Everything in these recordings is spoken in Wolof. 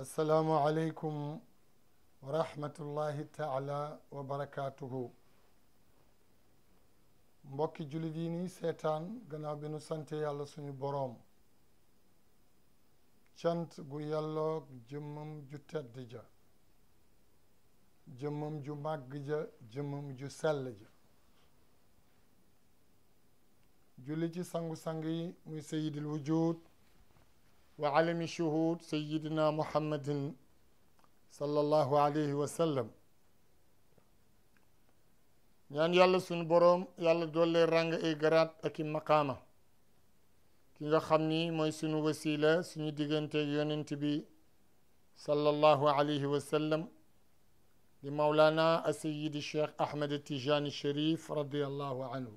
assalaamu aleykum wa rahmatullahi taala wa barakaatuhu mbokki jullit yi ni seetaan gannaaw bi nu sante yàlla suñu boroom cant gu yàlloog jëmmam ju tedd ja jëmmam ju màgg ja ju sell جلتي سانغو سانغي مي سيد الوجود وعلم الشهود سيدنا محمد صلى الله عليه وسلم نيان يالا سون بوروم يالا دولي رانغ اي غرات اكي مقاما كيغا خامني موي سونو وسيله سونو ديغنتي يوننتي بي صلى الله عليه وسلم لمولانا السيد الشيخ احمد التيجاني الشريف رضي الله عنه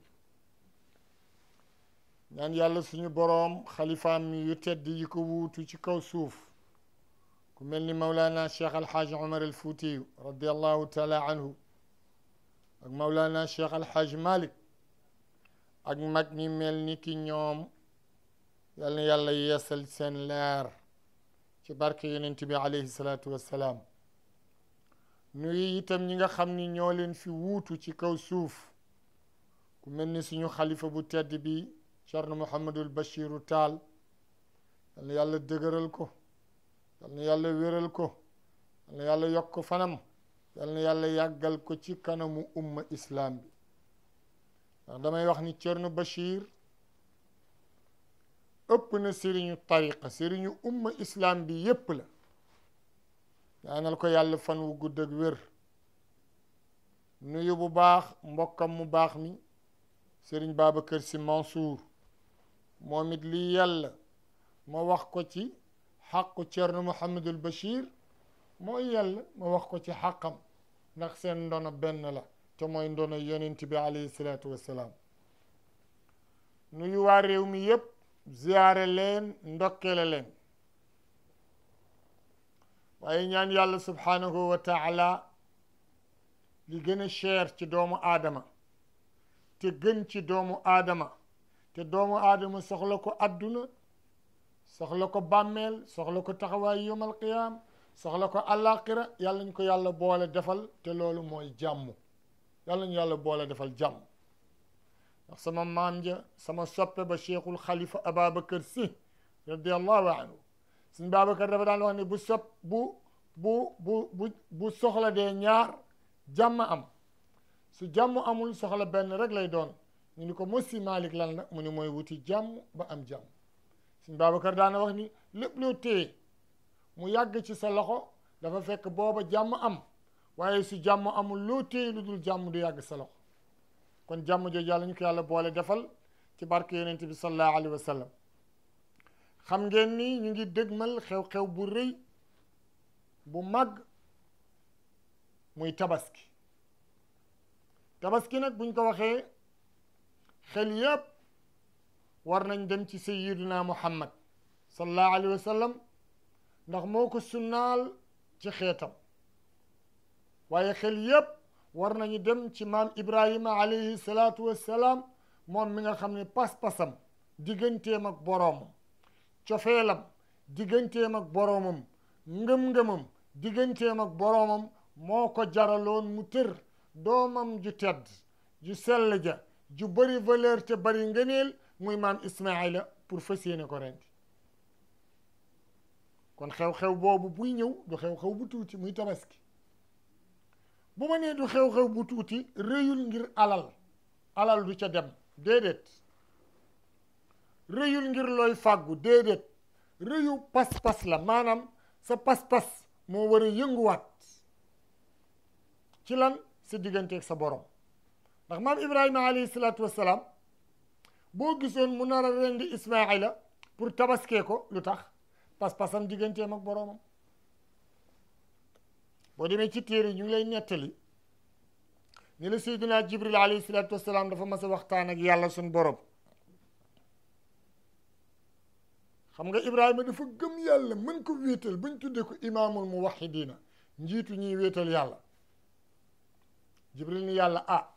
ñaan yàlla suñu boroom xalifaam yu tedd yi ko wuutu ci kaw suuf ku mel ni mawlaana cheikh alxaaji omar al fuutiyu radiallahu taala anhu ak mawlaana cheikh alxaaji malik ak mag ñi mel ni ki ñoom yal na yàlla yeesal seen leer ci barke yonent bi alayhi salaatu wassalaam nuyu itam ñi nga xam ni ñoo leen fi wuutu ci kaw suuf ku mel ni suñu xalifa bu tedd bi Cerno Mouhamadul Bachiru Taal yal na yàlla dëgëral ko yal na yàlla wéral ko yal na yàlla yokk fanam yal na yàlla yàggal ko ci kanamu umma islaam bi ndax damay wax ni Cerno Bachir ëpp na sëriñu tariqa sëriñu umma islaam bi yépp la ñaanal ko yàlla fan wu gudd ak wér nuyu bu baax mbokkam mu baax mi sëriñ Babacar Sy Mansour moo it lii yàlla ma wax ko ci xàqu Cerno Muhammadul Bachir mooy yal ma wax ko ci xàqam ndax seen ndono benn la te mooy ndono yonent bi alayhi salaatu wassalaam nuyu waa réew mi yëpp ziyaare leen ndokkele leen waaye ñaan yàlla subhaanahu wa taala li gën a cher ci doomu aadama te gën ci doomu aadama te doomu aadama soxla ko adduna soxla ko bàmmeel soxla ko taxawaay yomal qiyaam soxla ko àllaaxira yàlla ñu ko yàlla boole defal te loolu mooy jàmm yàlla ñu yàlla boole defal jàmm ndax sama maam ja sama soppe ba cheikhul xalifa ababacar si radiallahu anhu suñ babacar dafa daan wax ni bu sop bu bu bu bu bu soxla dee ñaar jàmm am su jàmm amul soxla benn rek lay doon ñu ni ko mossi Malick lan la mu ni mooy wuti jàmm ba am jàmm suñ Babacar daana wax ni lépp loo téye mu yàgg ci sa loxo dafa fekk booba jàmm am waaye su jàmm amul loo téye lu dul jàmm du yàgg sa loxo kon jàmm jooju yàlla ñu ko yàlla boole defal ci barke yonent bi sallallahu alayhi wa sallam xam ngeen ni ñu ngi dëgmal xew-xew bu rëy bu màgg muy tabaski tabaski nag buñ ko waxee xel yëpp war nañ dem ci sayyiduna muhammad sallallahu alayhi wa ndax moo ko sunnaal ci xeetam waaye xel yëpp war nañu dem ci maam ibrahima alayhi salaatu wassalaam moom mi nga xam ne pas-pasam digganteem ak boroomam cofeelam digganteem ak boroomam ngëm-ngëmam digganteem boroomam moo ko jaraloon mu tër doomam ju tedd ju sell ja ju bëri valeur te bëri ngëneel muy maam Ismaila pour fas yéene ko rendi kon xew-xew boobu buy ñëw du xew-xew bu tuuti muy tabaski bu ma nee du xew-xew bu tuuti réyul ngir alal alal du ca dem déedéet rëyul ngir looy fàggu déedéet rëyu pas-pas la maanaam sa pas-pas moo war yënguwaat ci lan sa digganteeg sa borom ndax maam ibrahima alayhi salaatu wassalaam boo gisoon mu nar a rendi ismaila pour tabaskee ko lu tax pas-pasam digganteem ak boroomam boo demee ci téere ñu ngi lay nettali ñu la sayduna jibril alayhi salaatu wassalaam dafa mas a waxtaan ak yàlla suñ borom xam nga ibrahima dafa gëm yàlla mën ko wéetal bañ tuddee ko imaamul muwahidina njiitu ñuy wéetal yàlla jibril ni yàlla ah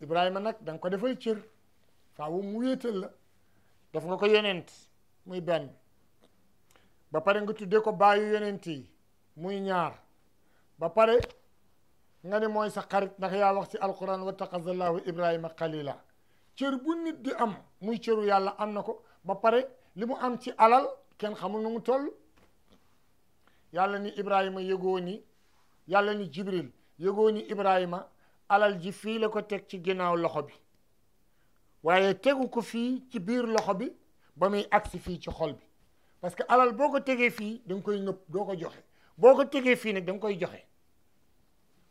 ibrahima nag da nga ko defal cër faawu mu wéetal la def nga ko yonent muy benn ba pare nga tuddee ko baayu yonent yi muy ñaar ba pare nga ne mooy sa xarit ndax yaa wax ci alquran wa taqazallahu ibrahima xalila cër bu nit di am muy cëru yàlla am na ko ba pare li mu am ci alal kenn xamul nu mu toll yàlla ni ibrahima yëgoo ni yàlla ni jibril yëgoo ni ibrahima alal ji fii la ko teg ci ginnaaw loxo bi waaye tegu ko fii ci biir loxo bi ba muy agsi fii ci xol bi parce que alal boo ko tegee fii da koy nëpp doo ko joxe boo ko tegee fii nag danga koy joxe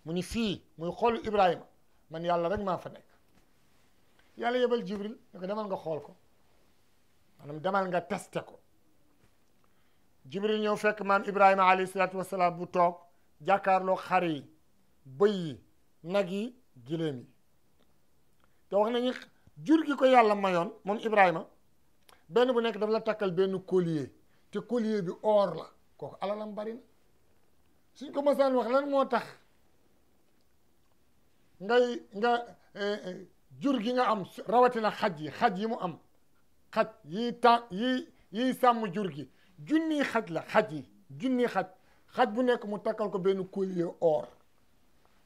mu ni fii muy xolu Ibrahima man yàlla rek maa fa nekk yàlla yebal Jibril ne ko demal nga xool ko maanaam demal nga testé ko Jibril ñëw fekk maam Ibrahima alayhi salaatu wasalaam bu toog jàkkaarloo xar yi bëy yi nag yi giléem yi te wax nañu jur gi ko yàlla mayoon moom Ibrahima benn bu nekk daf la takkal benn collier te collier bi or la kooku alalam bari na suñ ko masaan wax lan moo tax ngay nga eh, eh, jur gi nga am rawatina xaj yi xaj yi mu am xaj yi ta yi sàmm jur gi junni xaj la xaj yi junni xaj xaj bu nekk mu takkal ko benn collier or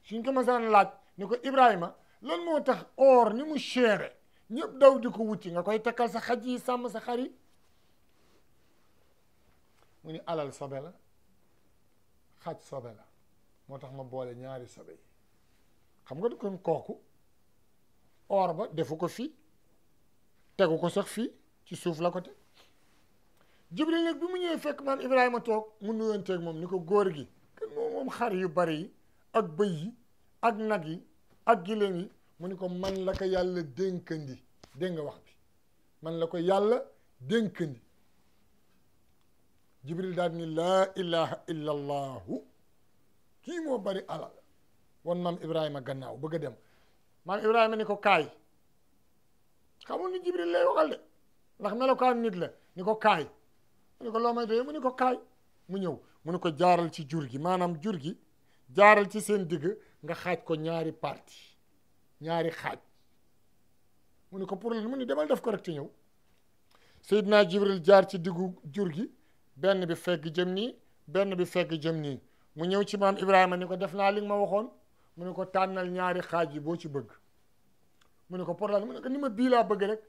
suñ ko masaan laaj ni ko Ibrahima lan moo tax oor ni mu chére ñëpp daw di ko wuti nga koy takkal sa xaj yi sàmm sa xar yi mu ni alal sobe la xaj sobe la moo tax ma boole ñaari sobe yi xam nga kon kooku or ba defu ko fii tegu ko sax fii ci suuf la ko teg Jibril nag bi mu ñëwee fekk maam Ibrahima toog mu nuyoonteeg moom ni ko góor gi kan moom xar yu bari yi ak bëy yi ak nag yi ak giléem mu ni ko man la ko yàlla dénkandi dégg nga wax la ko yàlla dénkandi jibril daal ni laa ilaha illa allahu kii moo bari alal wan maam ibrahima gannaaw bëgg a dem maam ibrahima ni ko kaay xamul ni jibril lay waxal de ndax melokaan nit la ni ko kaay mu ni ko loo may doye mu ni ko kaay mu ñëw mu ni ko jaaral ci jur gi maanaam jur gi jaaral ci seen digg nga xaaj ko ñaari parti ñaari xaaj mu ni ko pour mu ni demal def ko rek te ñëw naa Jibril jaar ci diggu jur gi benn bi fegg jëm nii benn bi fegg jëm nii mu ñëw ci maam Ibrahima ni ko def naa li ma waxoon mu ne ko tànnal ñaari xaaj yi boo ci bëgg mu ne ko pour mu ne ko ni ma bii laa bëgg rek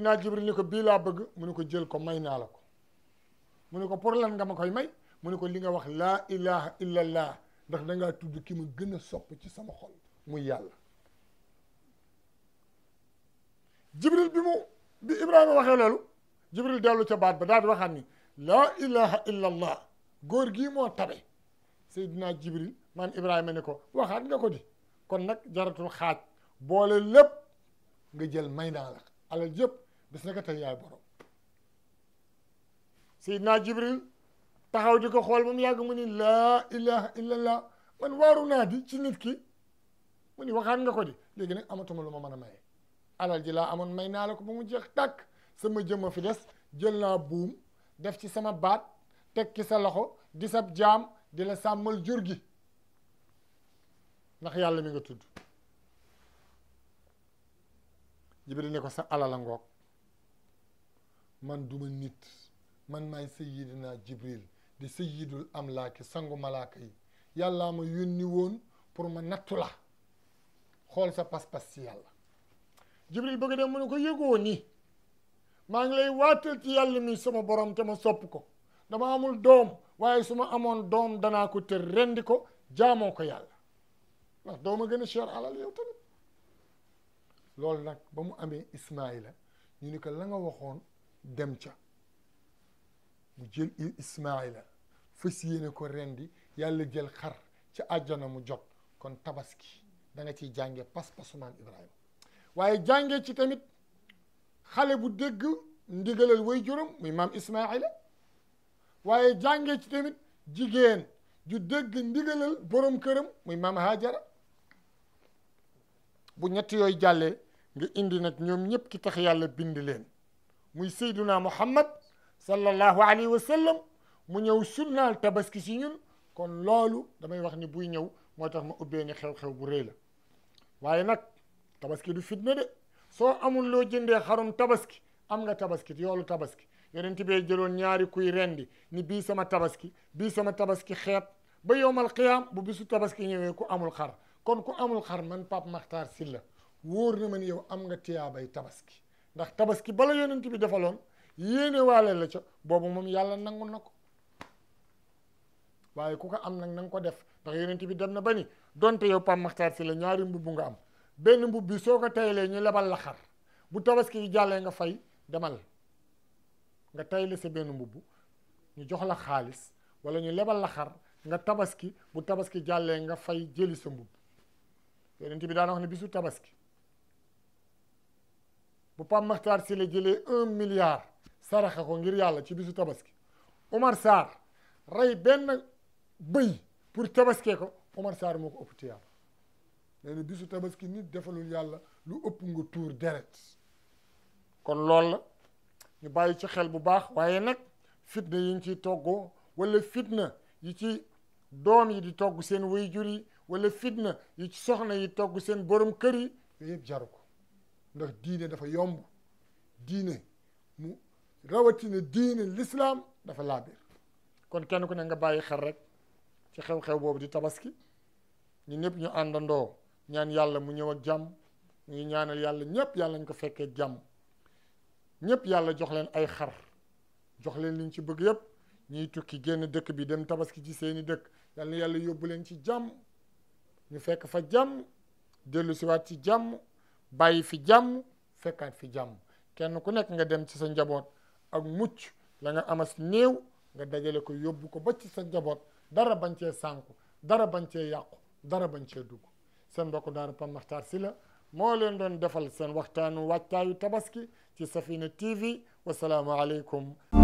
naa Jibril ni ko bii laa bëgg mu ni ko jël ko may naa la ko mu ne ko pour lan nga ma koy may mu ni ko li nga wax laa ilaha ndax dangaa tudd ki ma gën a sopp ci sama xol muy yàlla jibril bi mu bi ibrahima waxee loolu jibril dellu ca baat ba daal di waxaat ni laa ilaha illa allah góor gii moo tabe seydina jibril man ibrahima ni ko waxaat nga ko di kon nag jaratul xaaj boole lépp nga jël may naa la alal yëpp bis na ko tey yaay borom jibril taxaw di ko xool ba mu yàgg mu ni laa ilaha illallah man waaru naa di ci nit ki mu ni waxaat nga ko di léegi nag amatuma lu ma mën a maye alal ji laa amoon may naa la ko ba mu jeex tàkk sama jëmm fi des jël naa buum def ci sama baat teg ki sa loxo di sab jaam di la sàmmal jur gi ndax yàlla mi nga tudd jibril ne ko sa alala ngoog man duma nit man maay naa jibril di sayyidul amlaaki sangu malaaka yi yàlla ma yónni woon pour ma nattu la xool sa pas-pas ci yàlla jibril bëgg dem mu ne ko yëgoo nii maa ngi lay waatal ci yàlla mi sama borom te ma sopp ko dama amul doom waaye su ma amoon doom danaa ko tër rendi ko jaamoo ko yàlla ndax ma gën a cher alal yow tamit loolu nag ba mu amee ismaila ñu ni ko la nga waxoon dem ca mu jël Ismaayla fas yéene ko rendi yàlla jël xar ci àjjana mu jot kon tabaski da nga ciy jànge pas-pasu maam Ibrahima waaye jànge ci tamit xale bu dégg ndigalal way juróom muy maam Ismaayla waaye jànge ci tamit jigéen ju dégg ndigalal borom këram muy maam Haajara bu ñett yooyu jàlle nga indi nag ñoom ñëpp ki tax yàlla bind leen muy Seyduna Muhammad صلى الله عليه وسلم مو نيو سنة تبسكي سي نون كون لولو داماي واخ ني بوي نيو موتاخ ما اوبي ني خيو خيو بو ريلا واي نك تبسكي دو فيتنه دي سو امول لو جيندي خروم تبسكي امغا تبسكي يولو تبسكي يرنتي بي جيرون نياري كوي رندي ني بي سما تبسكي بي سما تبسكي خيب با يوم القيام بو بيسو تبسكي نيوي كو امول خار كون كو امول خار من باب مختار سيلا وورنا من يو امغا تيابي تبسكي ndax tabaski bala yonent defalon Yeni waale la ca bobu mom yalla nangul nako waye kuka am nak nang ko def ndax yonent bi dem na bani donte yow pam Makhtar fi la ñaari mbubb nga am ben mbubb bi soo ko ñu lebal la xar bu tabaski yi nga fay demal nga tayele se ben mbubb ñu jox la xaliss wala ñu lebal la xar nga tabaski bu tabaski jalle nga fay jeli sa bi na wax ni bisu tabaski bu pam Makhtar si la jele 1 milliard saraxa ko ngir yàlla ci bisu tabaski Umar Sarr rey benn bëy pour tabaskee ko Umar Sarr moo ko ëpp ci yàlla nee bisu tabaski nit defalul yàlla lu ëpp nga tuur deret kon lool la ñu bàyyi ci xel bu baax waaye nag fitna yi ñu ciy toggoo walla fitna yi ci doom yi di togg seen waajur yi wala fitna yi ci soxna yi togg seen borom kër yi yooyu jaru ko ndax diine dafa yomb diine mu rawatina diine l'islam dafa laabir kon kenn ku nekk nga bàyyi xel rek ci xew-xew boobu di tabaski ñu ñëpp ñu àndandoo ñaan yàlla mu ñëw ak jàmm ñu ñaanal yàlla ñëpp yàlla ñu ko fekkee jàmm ñëpp yàlla jox leen ay xar jox leen liñ ci bëgg yëpp ñuy tukki génn dëkk bi dem tabaski ci seeni dëkk yàlla yàlla yóbbu leen ci jàmm ñu fekk fa jàmm dellu siwaat ci jàmm bàyyi fi jàmm fekkaat fi jàmm kenn ku nekk nga dem ci sa njaboot ak mucc la nga amas néew nga dajale ko yóbbu ko ba ci sa njaboot dara bañ cee sànku dara bañ cee yàqu dara bañ cee dugg seen mbokku daara Pape si la moo leen doon defal seen waxtaanu wàccaayu tabaski ci Safina TV wasalaamu aleykum